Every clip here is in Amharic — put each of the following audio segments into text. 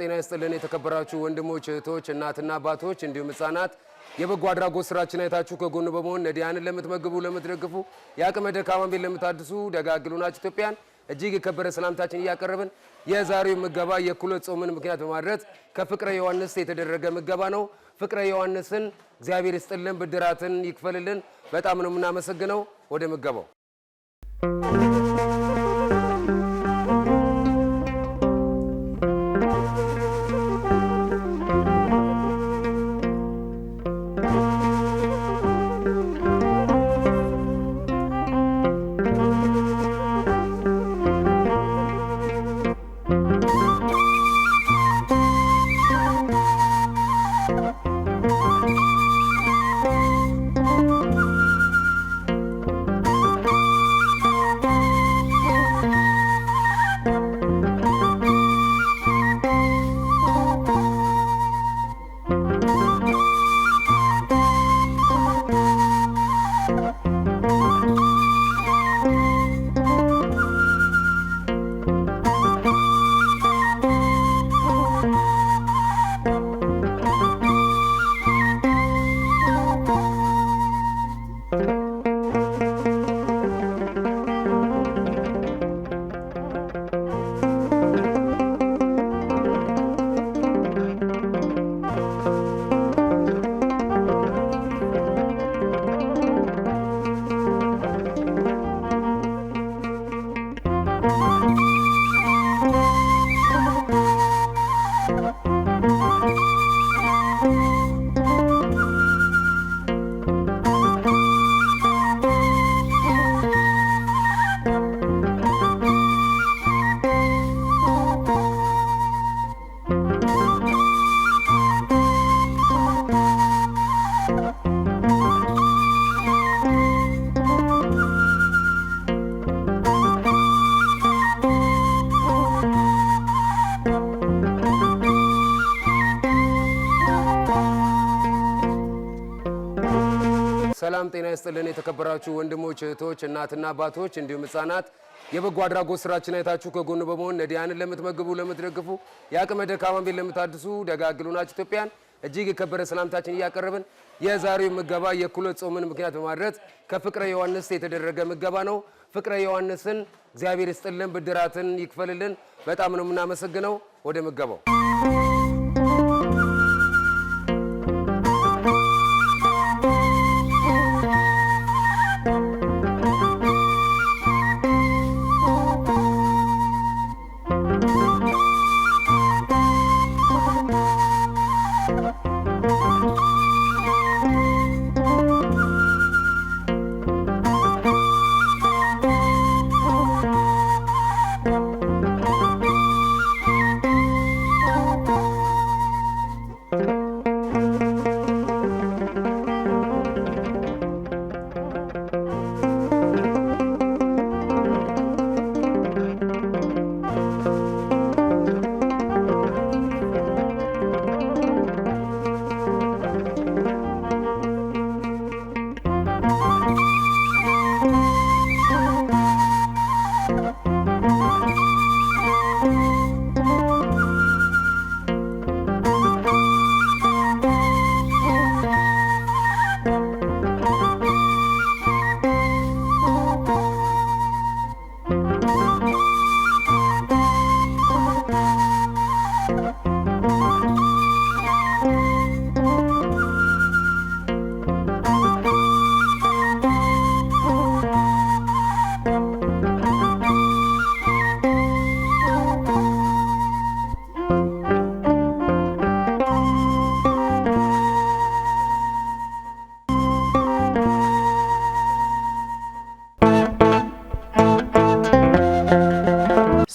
ጤና ይስጥልን። የተከበራችሁ ወንድሞች እህቶች፣ እናትና አባቶች እንዲሁም ህጻናት የበጎ አድራጎት ስራችን አይታችሁ ከጎኑ በመሆን ነዲያንን ለምትመግቡ፣ ለምትደግፉ የአቅመ ደካማን ቤት ለምታድሱ ደጋግሉናችሁ ኢትዮጵያን እጅግ የከበረ ሰላምታችን እያቀረብን የዛሬው ምገባ የኩለ ጾምን ምክንያት በማድረግ ከፍቅረ ዮሐንስ የተደረገ ምገባ ነው። ፍቅረ ዮሐንስን እግዚአብሔር ይስጥልን፣ ብድራትን ይክፈልልን። በጣም ነው የምናመሰግነው። ወደ ምገባው ሰላም ጤና ይስጥልን። የተከበራችሁ ወንድሞች እህቶች፣ እናትና አባቶች እንዲሁም ህጻናት የበጎ አድራጎት ስራችን አይታችሁ ከጎኑ በመሆን ነዳያንን ለምትመግቡ፣ ለምትደግፉ የአቅመ ደካማ ቤት ለምታድሱ ደጋግሉ ናችሁ ኢትዮጵያን እጅግ የከበረ ሰላምታችን እያቀረብን የዛሬው ምገባ የኩለ ጾምን ምክንያት በማድረግ ከፍቅረ ዮሐንስ የተደረገ ምገባ ነው። ፍቅረ ዮሐንስን እግዚአብሔር ይስጥልን፣ ብድራትን ይክፈልልን። በጣም ነው የምናመሰግነው። ወደ ምገባው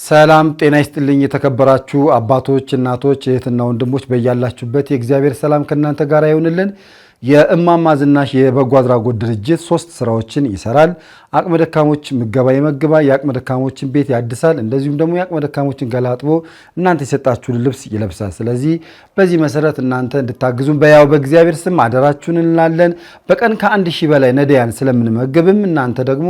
ሰላም ጤና ይስጥልኝ። የተከበራችሁ አባቶች፣ እናቶች፣ እህትና ወንድሞች በያላችሁበት የእግዚአብሔር ሰላም ከእናንተ ጋር ይሆንልን። የእማማ ዝናሽ የበጎ አድራጎት ድርጅት ሶስት ስራዎችን ይሰራል። አቅመ ደካሞች ምገባ ይመግባል፣ የአቅመ ደካሞችን ቤት ያድሳል፣ እንደዚሁም ደግሞ የአቅመ ደካሞችን ገላጥቦ እናንተ የሰጣችሁን ልብስ ይለብሳል። ስለዚህ በዚህ መሰረት እናንተ እንድታግዙም በያው በእግዚአብሔር ስም አደራችሁን እንላለን። በቀን ከአንድ ሺህ በላይ ነዳያን ስለምንመገብም እናንተ ደግሞ